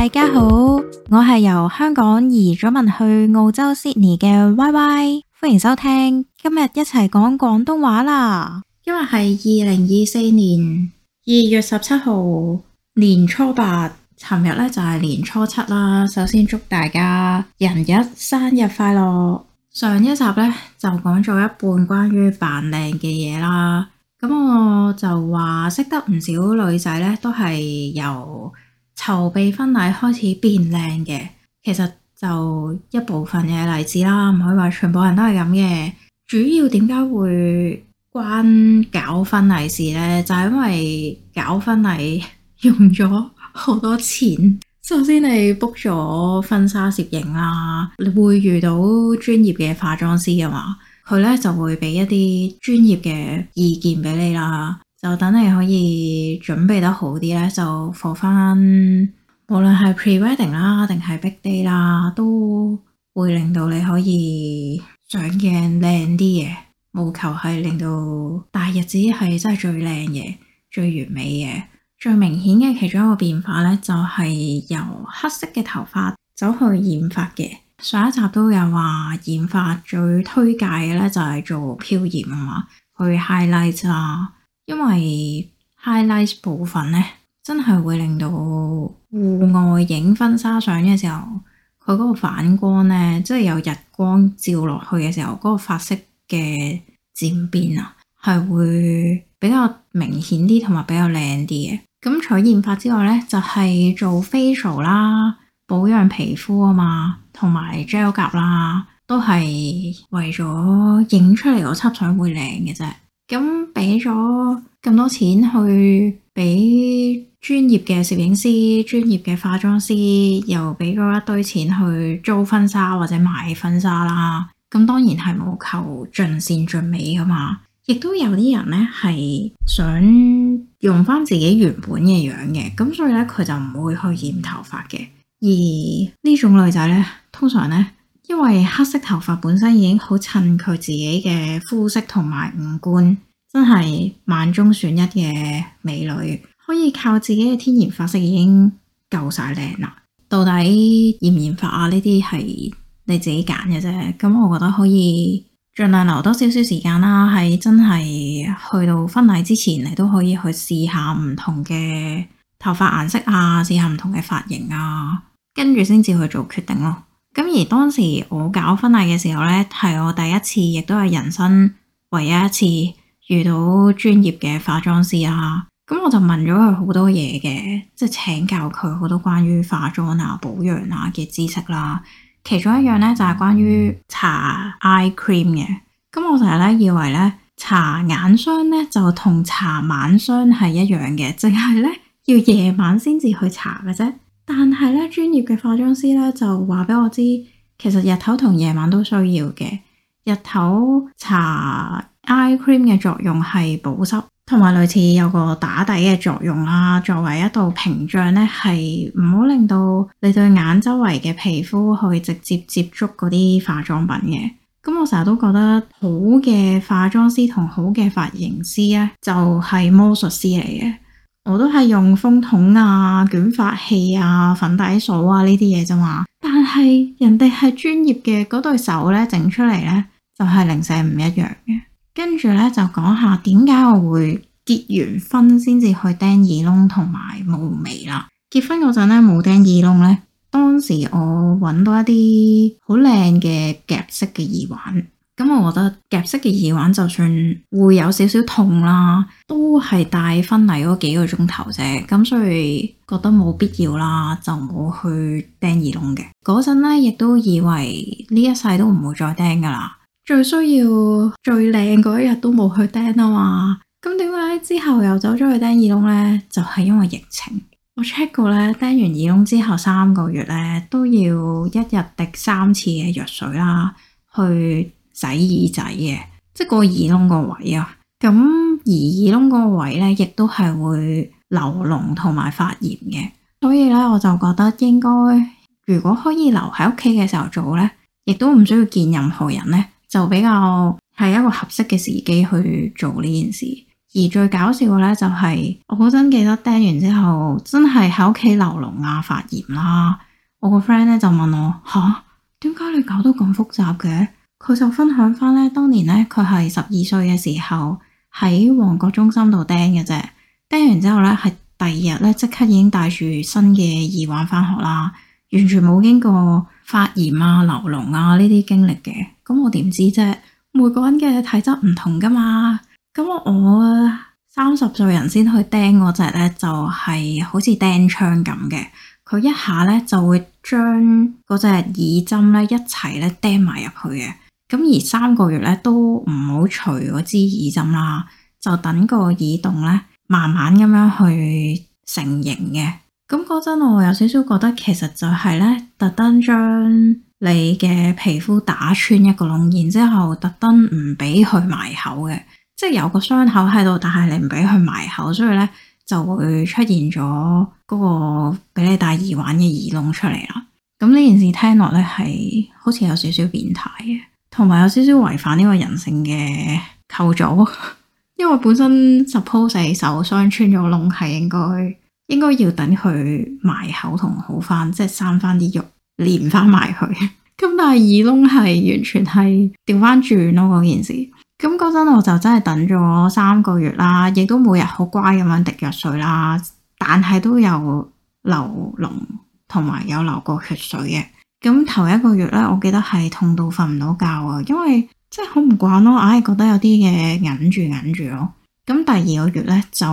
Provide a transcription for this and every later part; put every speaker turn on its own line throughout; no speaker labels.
大家好，我係由香港移咗民去澳洲 Sydney 嘅 Y Y，歡迎收聽，今日一齊講廣東話啦。今日係二零二四年二月十七號，年初八，尋日咧，就係年初七啦。首先祝大家人日生日快樂。上一集咧，就講咗一半關於扮靚嘅嘢啦，咁我就話識得唔少女仔咧，都係由。籌備婚禮開始變靚嘅，其實就一部分嘅例子啦，唔可以話全部人都係咁嘅。主要點解會關搞婚禮事呢？就係因為搞婚禮用咗好多錢。首先你 book 咗婚紗攝影啦，你會遇到專業嘅化妝師啊嘛，佢呢就會俾一啲專業嘅意見俾你啦。就等你可以準備得好啲咧，就放翻。無論係 pre wedding 啦，定係 big day 啦，都會令到你可以上鏡靚啲嘢。務求係令到大日子係真係最靚嘅、最完美嘅、最明顯嘅，其中一個變化咧，就係由黑色嘅頭髮走去染髮嘅。上一集都有話染髮最推介嘅咧，就係做漂染啊嘛，去 highlight 啦。因為 highlight 部分咧，真係會令到戶外影婚紗相嘅時候，佢嗰個反光咧，即係有日光照落去嘅時候，嗰個髮色嘅漸變啊，係會比較明顯啲，同埋比較靚啲嘅。咁除咗染髮之外咧，就係、是、做 facial 啦，保養皮膚啊嘛，同埋 gel 甲啦，都係為咗影出嚟嗰輯相會靚嘅啫。咁俾咗咁多錢去俾專業嘅攝影師、專業嘅化妝師，又俾咗一堆錢去租婚紗或者買婚紗啦。咁當然係冇求盡善盡美㗎嘛。亦都有啲人咧係想用翻自己原本嘅樣嘅，咁所以咧佢就唔會去染頭髮嘅。而呢種女仔咧，通常咧。因為黑色頭髮本身已經好襯佢自己嘅膚色同埋五官，真係萬中選一嘅美女，可以靠自己嘅天然髮色已經夠晒靚啦。到底染唔染髮啊？呢啲係你自己揀嘅啫。咁我覺得可以盡量留多少少時間啦，喺真係去到婚禮之前，你都可以去試下唔同嘅頭髮顏色啊，試下唔同嘅髮型啊，跟住先至去做決定咯、啊。咁而當時我搞婚禮嘅時候呢，係我第一次，亦都係人生唯一一次遇到專業嘅化妝師啊！咁我就問咗佢好多嘢嘅，即係請教佢好多關於化妝啊、保養啊嘅知識啦。其中一樣呢，就係、是、關於搽眼 cream 嘅。咁我成日呢以為呢，搽眼霜呢就同搽晚霜係一樣嘅，淨係呢要夜晚先至去搽嘅啫。但係咧，專業嘅化妝師咧就話俾我知，其實日頭同夜晚都需要嘅。日頭搽 eye cream 嘅作用係保濕，同埋類似有個打底嘅作用啦。作為一道屏障咧，係唔好令到你對眼周圍嘅皮膚去直接接觸嗰啲化妝品嘅。咁我成日都覺得好嘅化妝師同好嘅髮型師咧，就係、是、魔術師嚟嘅。我都係用風筒啊、捲髮器啊、粉底掃啊，呢啲嘢啫嘛，但係人哋係專業嘅嗰對手咧整出嚟咧，就係、是、零舍唔一樣嘅。跟住咧就講下點解我會結完婚先至去釘耳窿同埋霧眉啦。結婚嗰陣咧冇釘耳窿咧，當時我搵到一啲好靚嘅夾式嘅耳環。咁我覺得夾式嘅耳環就算會有少少痛啦，都係戴婚禮嗰幾個鐘頭啫。咁所以覺得冇必要啦，就冇去釘耳窿嘅嗰陣咧，亦都以為呢一世都唔會再釘噶啦。最需要最靚嗰一日都冇去釘啊嘛。咁點解之後又走咗去釘耳窿呢？就係因為疫情。我 check 過咧，釘完耳窿之後三個月咧都要一日滴三次嘅藥水啦，去。仔耳仔嘅，即係個耳窿個位啊。咁而耳窿個位呢，亦都係會流膿同埋發炎嘅。所以呢，我就覺得應該如果可以留喺屋企嘅時候做呢，亦都唔需要見任何人呢，就比較係一個合適嘅時機去做呢件事。而最搞笑嘅呢，就是，就係我嗰陣記得釘完之後，真係喺屋企流膿啊發炎啦，啊。我個 friend 呢就問我，吓，點解你搞到咁複雜嘅？佢就分享翻咧，當年咧佢係十二歲嘅時候喺旺角中心度釘嘅啫，釘完之後咧係第二日咧即刻已經帶住新嘅耳環翻學啦，完全冇經過發炎啊、流膿啊呢啲經歷嘅。咁我點知啫？每個人嘅體質唔同噶嘛。咁我三十歲人先去釘嗰隻咧，就係好似釘槍咁嘅，佢一下咧就會將嗰隻耳針咧一齊咧釘埋入去嘅。咁而三個月咧都唔好除嗰支耳針啦，就等個耳洞咧慢慢咁樣去成形嘅。咁嗰陣我有少少覺得其實就係咧，特登將你嘅皮膚打穿一個窿，然之後特登唔俾佢埋口嘅，即係有個傷口喺度，但係你唔俾佢埋口，所以咧就會出現咗嗰個俾你戴耳環嘅耳窿出嚟啦。咁呢件事聽落咧係好似有少少變態嘅。同埋有少少違反呢個人性嘅構造，因為本身 suppose 受傷穿咗窿係應該應該要等佢埋口同好翻，即係生翻啲肉連翻埋佢。咁 但係耳窿係完全係調翻轉咯嗰件事。咁嗰陣我就真係等咗三個月啦，亦都每日好乖咁樣滴藥水啦，但係都有流膿同埋有流過血水嘅。咁頭一個月咧，我記得係痛到瞓唔到覺啊，因為真係好唔慣咯，硬係覺得有啲嘢忍住忍住咯。咁第二個月咧，就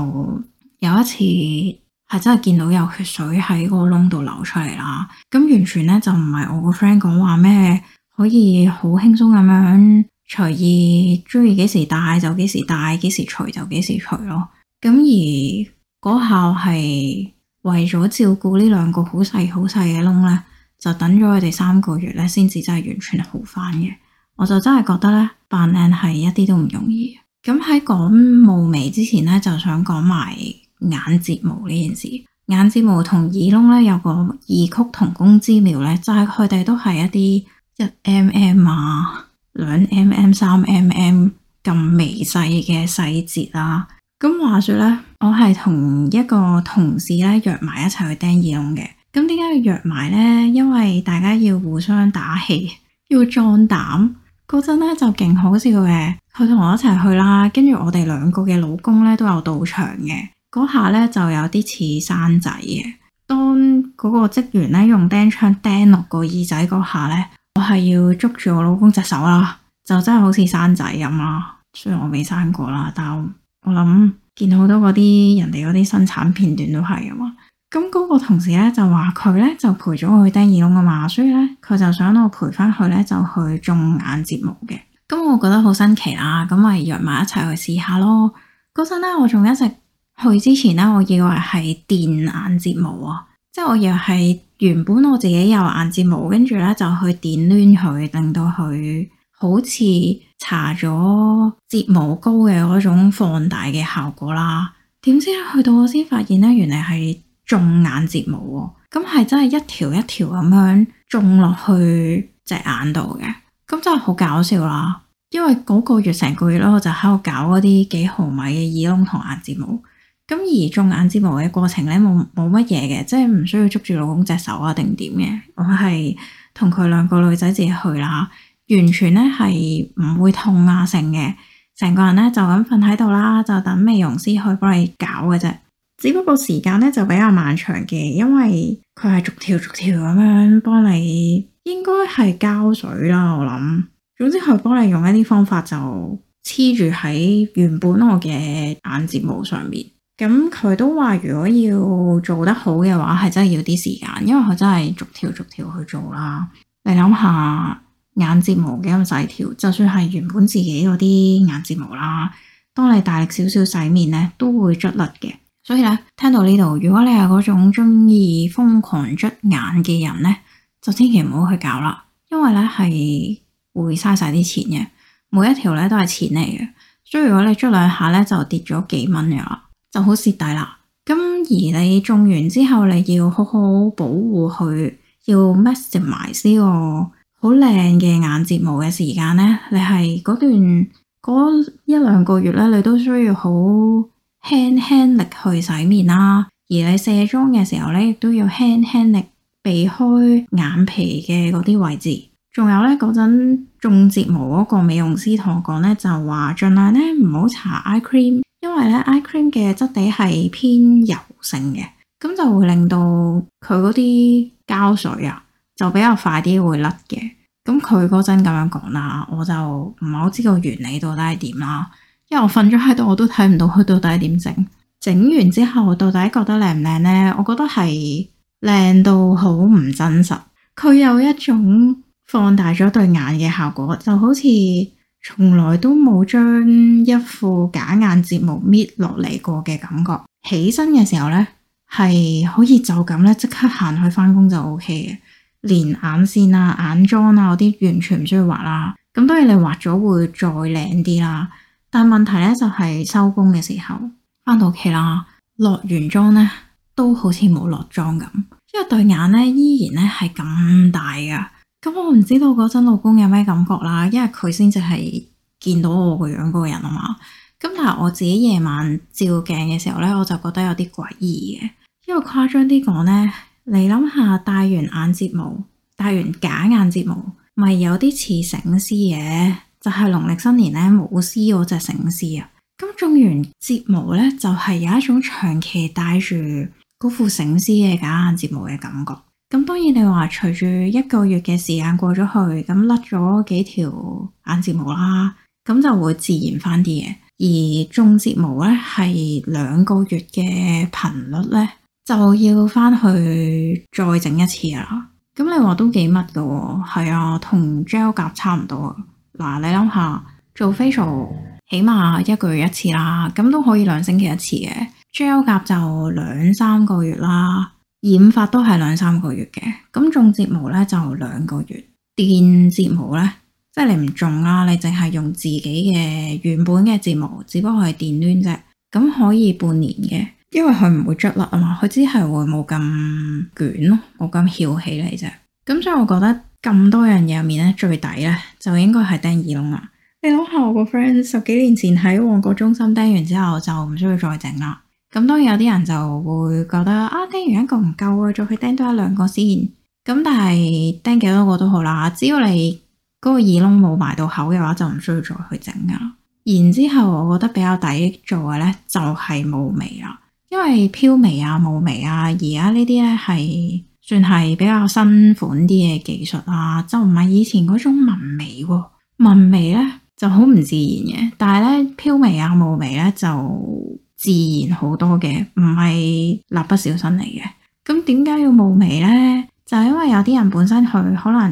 有一次係真係見到有血水喺個窿度流出嚟。啦。咁完全咧就唔係我個 friend 講話咩可以好輕鬆咁樣隨意，中意幾時戴就幾時戴，幾時除就幾時除咯。咁而嗰下係為咗照顧呢兩個好細好細嘅窿咧。就等咗佢哋三個月咧，先至真係完全好翻嘅。我就真係覺得咧，扮靚係一啲都唔容易。咁喺講霧眉之前咧，就想講埋眼睫毛呢件事。眼睫毛同耳窿咧有個異曲同工之妙咧，就係佢哋都係一啲一 mm 啊、兩 mm、三 mm 咁微細嘅細節啦。咁話説咧，我係同一個同事咧約埋一齊去釘耳窿嘅。咁點解要約埋呢？因為大家要互相打氣，要壯膽。嗰陣咧就勁好笑嘅，佢同我一齊去啦。跟住我哋兩個嘅老公咧都有到場嘅。嗰下咧就有啲似生仔嘅。當嗰個職員咧用釘槍釘落個耳仔嗰下咧，我係要捉住我老公隻手啦，就真係好似生仔咁啦。雖然我未生過啦，但我諗見好多嗰啲人哋嗰啲生產片段都係啊咁嗰個同事咧就話佢咧就陪咗我去釘耳窿嘅嘛，所以咧佢就想我陪翻去咧就去種眼睫毛嘅。咁我覺得好新奇啦，咁咪約埋一齊去試下咯。嗰陣咧我仲一直去之前咧，我以為係電眼睫毛啊，即係我以為原本我自己有眼睫毛，跟住咧就去電攣佢，令到佢好似搽咗睫毛膏嘅嗰種放大嘅效果啦。點知去到我先發現咧，原嚟係。種眼睫毛喎，咁係真係一條一條咁樣種落去隻眼度嘅，咁真係好搞笑啦！因為嗰個月成個月咧，我就喺度搞嗰啲幾毫米嘅耳窿同眼睫毛，咁而種眼睫毛嘅過程咧，冇冇乜嘢嘅，即係唔需要捉住老公隻手啊定點嘅，我係同佢兩個女仔自己去啦，完全咧係唔會痛啊剩嘅，成個人咧就咁瞓喺度啦，就等美容師去幫你搞嘅啫。只不過時間咧就比較漫長嘅，因為佢係逐條逐條咁樣幫你，應該係膠水啦，我諗。總之佢幫你用一啲方法就黐住喺原本我嘅眼睫毛上面。咁、嗯、佢都話，如果要做得好嘅話，係真係要啲時間，因為佢真係逐條逐條去做啦。你諗下眼睫毛幾咁細條，就算係原本自己嗰啲眼睫毛啦，當你大力少少洗面咧，都會捽甩嘅。所以咧，聽到呢度，如果你係嗰種中意瘋狂捽眼嘅人咧，就千祈唔好去搞啦，因為咧係會嘥晒啲錢嘅。每一條咧都係錢嚟嘅，所以如果你捽兩下咧就跌咗幾蚊噶啦，就好蝕底啦。咁而你種完之後，你要好好保護佢，要 maximize 呢個好靚嘅眼睫毛嘅時間咧，你係嗰段嗰一兩個月咧，你都需要好。輕輕力去洗面啦，而你卸妝嘅時候咧，亦都要輕輕力避開眼皮嘅嗰啲位置。有呢，仲有咧嗰陣種睫毛嗰個美容師同我講咧，就話盡量咧唔好搽眼 cream，因為咧眼 cream 嘅質地係偏油性嘅，咁就會令到佢嗰啲膠水啊，就比較快啲會甩嘅。咁佢嗰陣咁樣講啦，我就唔係好知道原理到底係點啦。因為我瞓咗喺度，我都睇唔到佢到底點整。整完之後，到底覺得靚唔靚呢？我覺得係靚到好唔真實。佢有一種放大咗對眼嘅效果，就好似從來都冇將一副假眼睫毛搣落嚟過嘅感覺。起身嘅時候呢，係可以就咁咧，即刻行去返工就 OK 嘅。連眼綫啊、眼妝啊嗰啲，完全唔需要畫啦。咁當然你畫咗會再靚啲啦。但係問題咧就係收工嘅時候翻到屋企啦，落完妝咧都好似冇落妝咁，因為對眼咧依然咧係咁大噶。咁我唔知道嗰陣老公有咩感覺啦，因為佢先至係見到我個樣個人啊嘛。咁但係我自己夜晚照鏡嘅時候咧，我就覺得有啲詭異嘅，因為誇張啲講咧，你諗下戴完眼睫毛，戴完假眼睫毛，咪有啲似醒獅嘅。就係農曆新年咧，舞獅嗰隻醒獅啊！咁種完睫毛咧，就係、是、有一種長期戴住嗰副醒獅嘅假眼睫毛嘅感覺。咁當然你話隨住一個月嘅時間過咗去，咁甩咗幾條眼睫毛啦，咁就會自然翻啲嘢。而種睫毛咧係兩個月嘅頻率咧，就要翻去再整一次啊。咁你話都幾密噶？係啊，同 gel 甲差唔多啊。嗱，啊，你諗下做 facial 起碼一個月一次啦，咁都可以兩星期一次嘅。gel 夾 就兩三個月啦，染髮都係兩三個月嘅。咁種睫毛咧就兩個月，電睫毛咧，即係你唔種啦，你淨係用自己嘅原本嘅睫毛，只不過係電攣啫，咁可以半年嘅，因為佢唔會捽甩啊嘛，佢只係會冇咁捲咯，冇咁翹起嚟啫。咁所以我覺得。咁多樣嘢入面咧，最抵咧就應該係釘耳窿啦。你諗下，我個 friend 十幾年前喺旺角中心釘完之後，就唔需要再整啦。咁當然有啲人就會覺得啊，釘完一個唔夠啊，再去釘多一兩個先。咁但係釘幾多個都好啦，只要你嗰個耳窿冇埋到口嘅話，就唔需要再去整噶啦。然之後，我覺得比較抵做嘅咧就係霧眉啦，因為飄眉啊、霧眉啊、而家呢啲咧係。算係比較新款啲嘅技術啊，就係唔係以前嗰種紋眉喎、啊，紋眉呢就好唔自然嘅，但係呢，飄眉啊、霧眉呢就自然好多嘅，唔係蠟筆小新嚟嘅。咁點解要霧眉呢？就係因為有啲人本身佢可能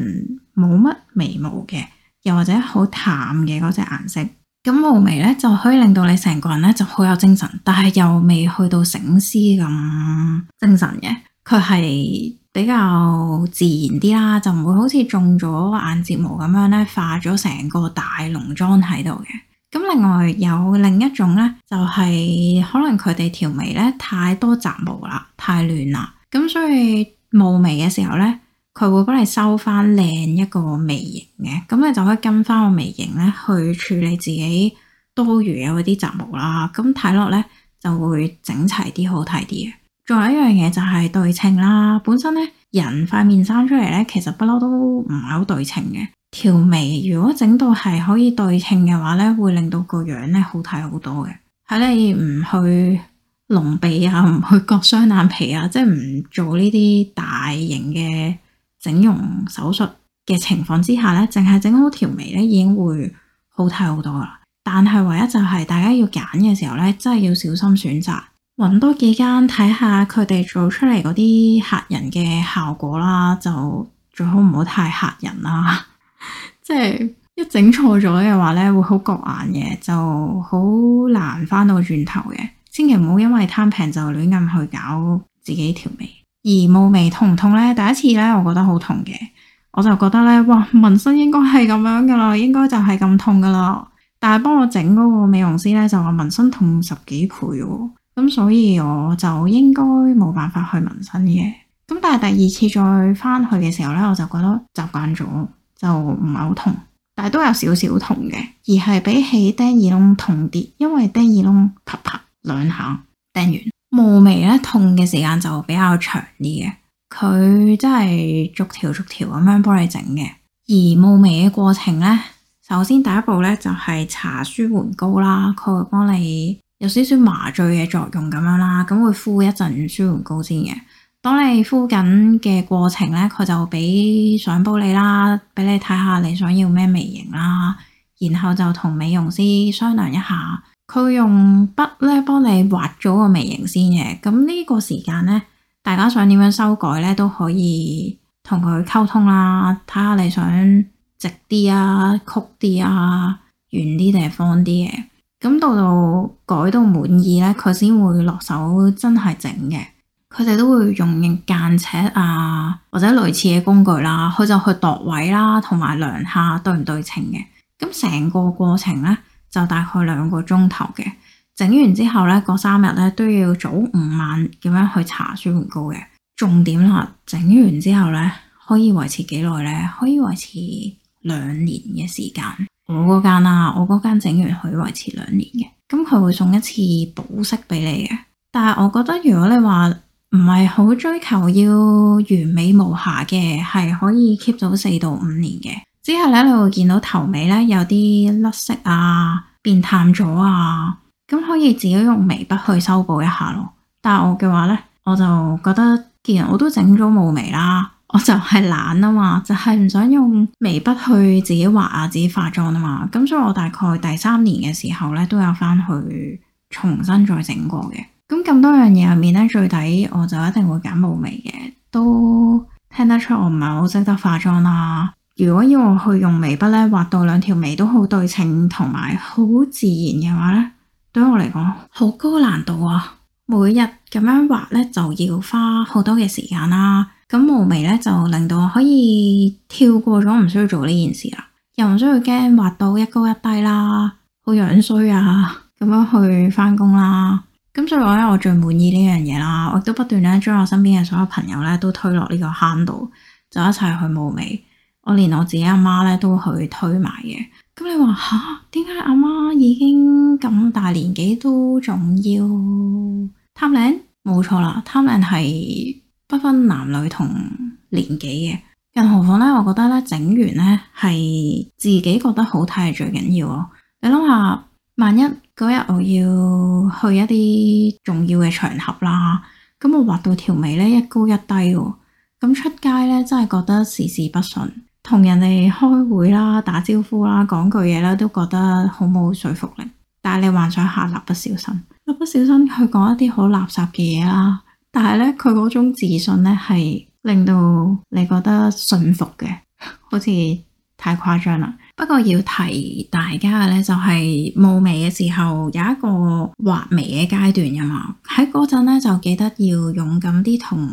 冇乜眉毛嘅，又或者好淡嘅嗰隻顏色，咁霧眉咧就可以令到你成個人咧就好有精神，但係又未去到醒獅咁精神嘅，佢係。比較自然啲啦，就唔會好似種咗眼睫毛咁樣咧，化咗成個大濃妝喺度嘅。咁另外有另一種咧，就係可能佢哋條眉咧太多雜毛啦，太亂啦。咁所以霧眉嘅時候咧，佢會幫你收翻靚一個眉形嘅。咁你就可以跟翻個眉形咧去處理自己多餘嘅嗰啲雜毛啦。咁睇落咧就會整齊啲，好睇啲嘅。仲有一樣嘢就係對稱啦，本身咧，人塊面生出嚟，咧，其實不嬲都唔係好對稱嘅。條眉如果整到係可以對稱嘅話咧，會令到個樣咧好睇好多嘅。喺你唔去隆鼻啊，唔去割雙眼皮啊，即係唔做呢啲大型嘅整容手術嘅情況之下咧，淨係整好條眉咧，已經會好睇好多啦。但係唯一就係大家要揀嘅時候咧，真係要小心選擇。搵多幾間睇下，佢哋做出嚟嗰啲嚇人嘅效果啦，就最好唔好太嚇人啦。 即係一整錯咗嘅話咧，會好覺眼嘅，就好難翻到轉頭嘅。千祈唔好因為貪平就亂咁去搞自己條眉。而霧眉痛唔痛呢？第一次呢，我覺得好痛嘅，我就覺得呢，哇！紋身應該係咁樣噶啦，應該就係咁痛噶啦。但係幫我整嗰個美容師呢，就話紋身痛十幾倍。咁所以我就應該冇辦法去紋身嘅。咁但係第二次再翻去嘅時候呢，我就覺得習慣咗就唔係好痛，但係都有少少痛嘅，而係比起釘耳窿痛啲，因為釘耳窿啪啪兩下釘完，霧眉呢痛嘅時間就比較長啲嘅。佢真係逐條逐條咁樣幫你整嘅，而霧眉嘅過程呢，首先第一步呢，就係搽舒緩膏啦，佢會幫你，有少少麻醉嘅作用咁樣啦，咁會敷一陣舒緩膏先嘅。當你敷緊嘅過程咧，佢就俾相簿你啦，俾你睇下你想要咩眉型啦，然後就同美容師商量一下。佢用筆咧幫你畫咗個眉型先嘅，咁呢個時間咧，大家想點樣修改咧都可以同佢溝通啦，睇下你想直啲啊、曲啲啊、圓啲定係方啲嘅。咁到到改到滿意咧，佢先會落手真係整嘅。佢哋都會用用間尺啊，或者類似嘅工具啦，佢就去度位啦，同埋量下對唔對稱嘅。咁成個過程咧，就大概兩個鐘頭嘅。整完之後咧，嗰三日咧都要早五晚咁樣去搽舒緩膏嘅重點啦。整完之後咧，可以維持幾耐咧？可以維持兩年嘅時間。我嗰間啊，我間整完可以維持兩年嘅，咁佢會送一次保色俾你嘅。但係我覺得如果你話唔係好追求要完美無瑕嘅，係可以 keep 到四到五年嘅。之後咧你會見到頭尾咧有啲甩色啊、變淡咗啊，咁可以自己用眉筆去修補一下咯。但係我嘅話咧，我就覺得既然我都整咗霧眉啦。我就係懶啊嘛，就係、是、唔想用眉筆去自己畫啊，自己化妝啊嘛。咁所以我大概第三年嘅時候咧，都有翻去重新再整過嘅。咁咁多樣嘢入面咧，最底我就一定會揀霧眉嘅，都聽得出我唔係好識得化妝啦。如果要我去用眉筆咧畫到兩條眉都好對稱同埋好自然嘅話咧，對我嚟講好高難度啊。每日咁樣畫咧就要花好多嘅時間啦。咁霧眉咧就令到我可以跳過咗唔需要做呢件事啦，又唔需要驚畫到一高一低啦，好樣衰啊！咁樣去翻工啦。咁所以我咧，我最滿意呢樣嘢啦，我都不斷咧將我身邊嘅所有朋友咧都推落呢個坑度，就一齊去霧眉。我連我自己阿媽咧都去推埋嘅。咁你話吓，點解阿媽已經咁大年紀都仲要貪靚？冇錯啦，貪靚係。不分男女同年紀嘅，更何況咧，我覺得咧整完咧係自己覺得好睇係最緊要咯。你諗下，萬一嗰日我要去一啲重要嘅場合啦，咁我畫到條眉咧一高一低，咁出街咧真係覺得事事不順，同人哋開會啦、打招呼啦、講句嘢啦，都覺得好冇說服力。但係你幻想下，蠟筆小新，蠟筆小新去講一啲好垃圾嘅嘢啦。但係咧，佢嗰種自信咧，係令到你覺得信服嘅，好似太誇張啦。不過要提大家嘅咧，就係霧眉嘅時候有一個畫眉嘅階段噶嘛。喺嗰陣咧，就記得要勇敢啲同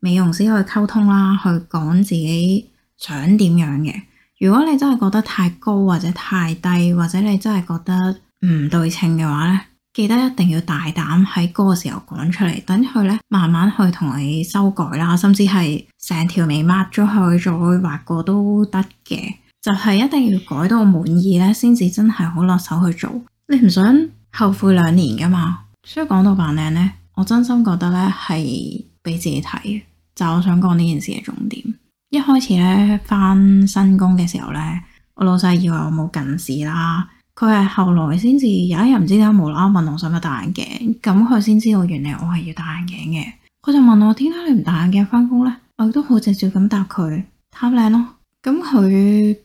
美容師去溝通啦，去講自己想點樣嘅。如果你真係覺得太高或者太低，或者你真係覺得唔對稱嘅話咧。記得一定要大膽喺嗰個時候講出嚟，等佢咧慢慢去同你修改啦，甚至係成條眉抹咗去再畫過都得嘅，就係一定要改到滿意咧，先至真係好落手去做。你唔想後悔兩年噶嘛？所以講到扮靚咧，我真心覺得咧係俾自己睇，就係我想講呢件事嘅重點。一開始咧返新工嘅時候咧，我老細以為我冇近視啦。佢係後來先至有一日唔知點解無啦啦問我使唔使戴眼鏡，咁佢先知我原來我係要戴眼鏡嘅。佢就問我：點解你唔戴眼鏡翻工呢？我」我都好直接咁答佢：貪靚咯。咁佢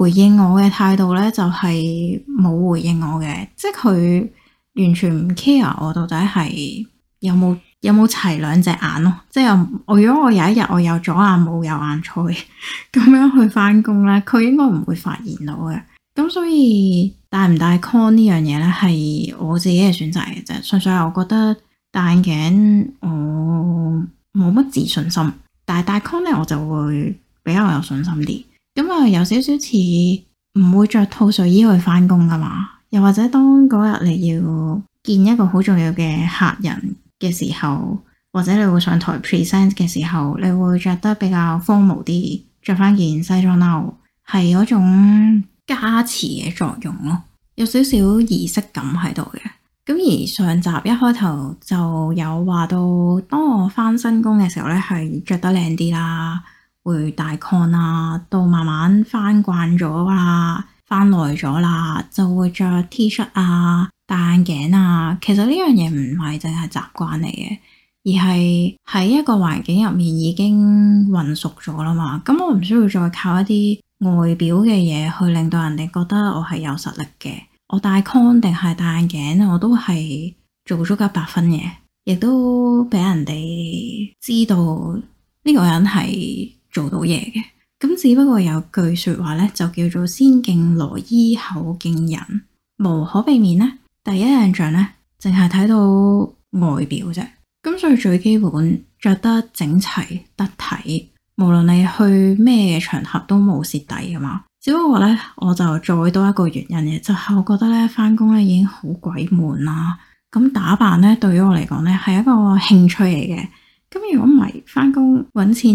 回應我嘅態度呢，就係冇回應我嘅，即係佢完全唔 care 我到底係有冇有冇齊兩隻眼咯。即係我如果我有一日我有左眼冇右眼錯嘅咁樣去翻工呢，佢應該唔會發現到嘅。咁所以。戴唔戴 con 呢樣嘢呢，係我自己嘅選擇嘅啫。純粹係我覺得戴眼鏡我冇乜自信心，但係戴 con 呢，我就會比較有信心啲。咁、嗯、啊，有少少似唔會着套睡衣去翻工噶嘛？又或者當嗰日你要見一個好重要嘅客人嘅時候，或者你會上台 present 嘅時候，你會着得比較荒謬啲，着翻件西裝褸，係嗰種。加持嘅作用咯，有少少儀式感喺度嘅。咁而上集一開頭就有話到，當我翻新工嘅時候呢，係着得靚啲啦，會戴 con 啦，到慢慢翻慣咗啦，翻耐咗啦，就會着 T 恤啊，戴眼鏡啊。其實呢樣嘢唔係淨係習慣嚟嘅，而係喺一個環境入面已經混熟咗啦嘛。咁我唔需要再靠一啲。外表嘅嘢去令到人哋覺得我係有實力嘅，我戴 con 定係戴眼鏡，我都係做足一百分嘢，亦都俾人哋知道呢個人係做到嘢嘅。咁只不過有句說話呢，就叫做先敬羅衣後敬人，無可避免呢，第一印象呢淨係睇到外表啫。咁所以最基本着得整齊得體。無論你去咩場合都冇蝕底噶嘛，只不過咧我就再多一個原因嘅，就係我覺得咧翻工咧已經好鬼悶啦。咁打扮咧對於我嚟講咧係一個興趣嚟嘅。咁如果唔係翻工搵錢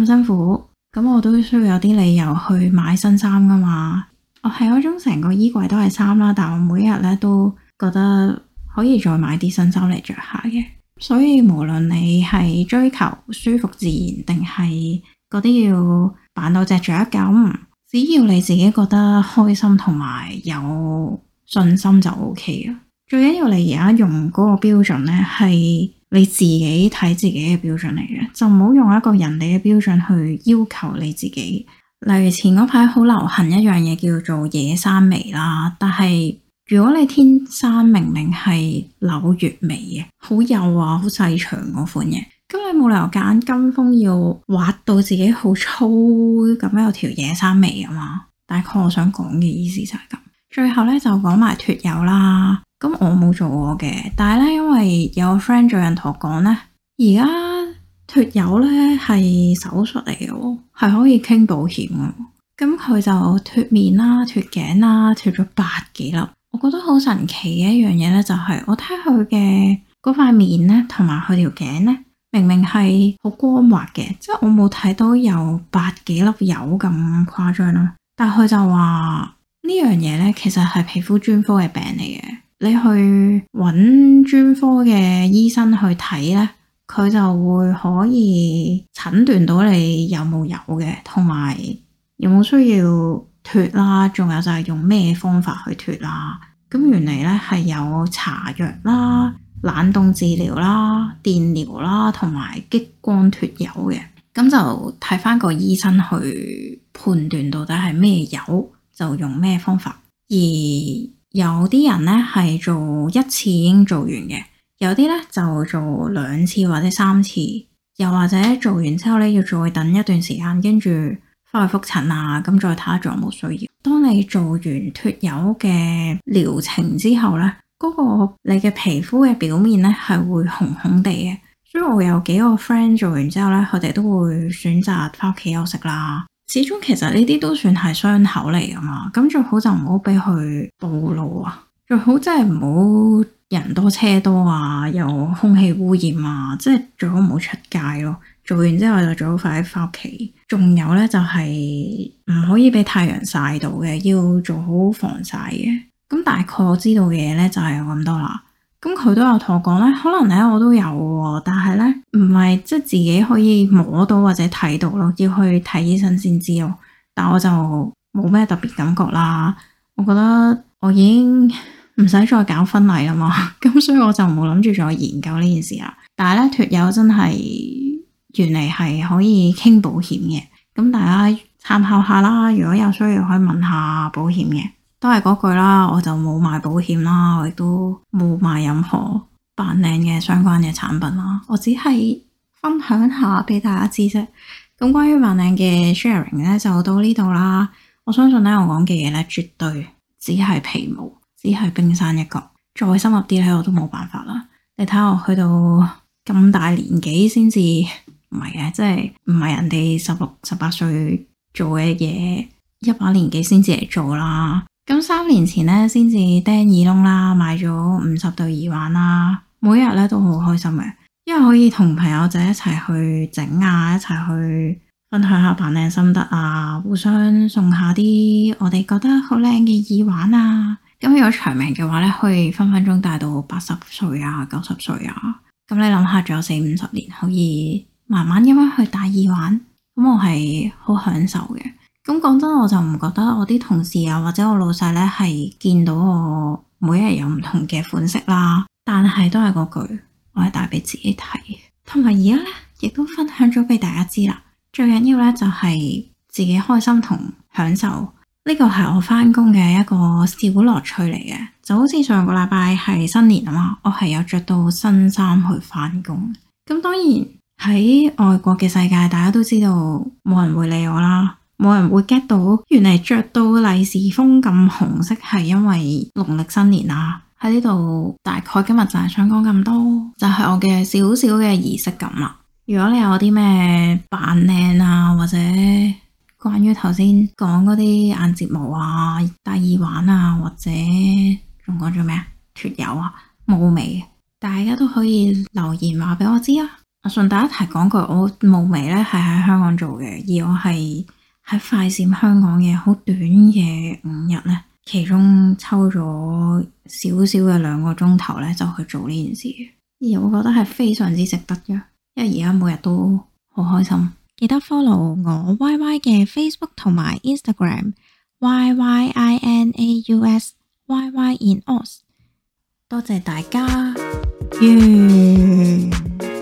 咁辛苦，咁我都需要有啲理由去買新衫噶嘛。我係嗰種成個衣櫃都係衫啦，但我每一日咧都覺得可以再買啲新衫嚟着下嘅。所以無論你係追求舒服自然，定係嗰啲要扮到隻雀咁，只要你自己覺得開心同埋有信心就 OK 啊。最緊要你而家用嗰個標準咧，係你自己睇自己嘅標準嚟嘅，就唔好用一個人哋嘅標準去要求你自己。例如前嗰排好流行一樣嘢叫做野山眉啦，但係。如果你天生明明係柳葉眉嘅，好幼啊，好細長嗰款嘢，咁你冇理由夾硬跟風要畫到自己好粗咁樣有條野生眉啊嘛？大概我想講嘅意思就係咁。最後咧就講埋脱疣啦，咁我冇做過嘅，但係咧，因為有 friend 最近同我講咧，而家脱疣咧係手術嚟嘅，係可以傾保險嘅。咁佢就脱面啦，脱頸啦，脱咗百幾粒。我覺得好神奇嘅一樣嘢咧，就係我睇佢嘅嗰塊面咧，同埋佢條頸咧，明明係好光滑嘅，即係我冇睇到有百幾粒油咁誇張咯。但係佢就話呢樣嘢咧，其實係皮膚專科嘅病嚟嘅。你去揾專科嘅醫生去睇咧，佢就會可以診斷到你有冇油嘅，同埋有冇需要。脫啦，仲有就係用咩方法去脫啦？咁原嚟呢係有搽藥啦、冷凍治療啦、電療啦，同埋激光脫油嘅。咁就睇翻個醫生去判斷到底係咩油，就用咩方法。而有啲人呢係做一次已經做完嘅，有啲呢就做兩次或者三次，又或者做完之後呢要再等一段時間，跟住。翻去覆診啊，咁再睇下仲有冇需要。當你做完脱油嘅療程之後咧，嗰個你嘅皮膚嘅表面咧係會紅紅地嘅，所以我有幾個 friend 做完之後咧，佢哋都會選擇翻屋企休息啦。始終其實呢啲都算係傷口嚟噶嘛，咁最好就唔好俾佢暴露啊。最好真係唔好人多車多啊，又空氣污染啊，即係最好唔好出街咯。做完之後就早快啲翻屋企。仲有呢，就係唔可以俾太陽曬到嘅，要做好防曬嘅。咁大概我知道嘅嘢呢，就係咁多啦。咁佢都有同我講呢，可能咧我都有，但係呢，唔係即係自己可以摸到或者睇到咯，要去睇醫生先知哦。但我就冇咩特別感覺啦。我覺得我已經唔使再搞婚禮啦嘛，咁所以我就冇諗住再研究呢件事啦。但係呢，脫友真係。原嚟係可以傾保險嘅，咁大家參考下啦。如果有需要，可以問下保險嘅，都係嗰句啦。我就冇賣保險啦，我亦都冇賣任何扮靚嘅相關嘅產品啦。我只係分享下俾大家知啫。咁關於扮靚嘅 sharing 咧，就到呢度啦。我相信咧，我講嘅嘢咧，絕對只係皮毛，只係冰山一角。再深入啲咧，我都冇辦法啦。你睇我去到咁大年紀先至。唔係嘅，即係唔係人哋十六、十八歲做嘅嘢，一把年紀先至嚟做啦。咁三年前呢，先至釘耳窿啦，買咗五十對耳環啦，每日咧都好開心嘅，因為可以同朋友仔一齊去整啊，一齊去分享下扮靚心得啊，互相送下啲我哋覺得好靚嘅耳環啊。因為有長命嘅話咧，可以分分鐘戴到八十歲啊、九十歲啊。咁你諗下，仲有四五十年可以。慢慢咁樣去戴耳環，咁我係好享受嘅。咁講真，我就唔覺得我啲同事啊，或者我老細咧係見到我每一日有唔同嘅款式啦。但係都係嗰句，我係戴俾自己睇，同埋而家咧亦都分享咗俾大家知啦。最緊要咧就係、是、自己開心同享受，呢個係我翻工嘅一個小樂趣嚟嘅。就好似上個禮拜係新年啊嘛，我係有着到新衫去翻工，咁當然。喺外國嘅世界，大家都知道冇人會理我啦，冇人會 get 到，原嚟着到利是封咁紅色係因為農曆新年啦、啊。喺呢度大概今日就係想講咁多，就係、是、我嘅少少嘅儀式感啦、啊。如果你有啲咩扮靚啊，或者關於頭先講嗰啲眼睫毛啊、戴耳環啊，或者仲講咗咩脫油啊、霧眉，大家都可以留言話俾我知啊！順帶一提講句，我霧眉咧係喺香港做嘅，而我係喺快閃香港嘅好短嘅五日咧，其中抽咗少少嘅兩個鐘頭咧就去做呢件事，而我覺得係非常之值得嘅，因為而家每日都好開心。記得 follow 我 YY agram, Y Y 嘅 Facebook 同埋 Instagram Y Y I N A U S Y Y In Aus，多謝大家，yeah.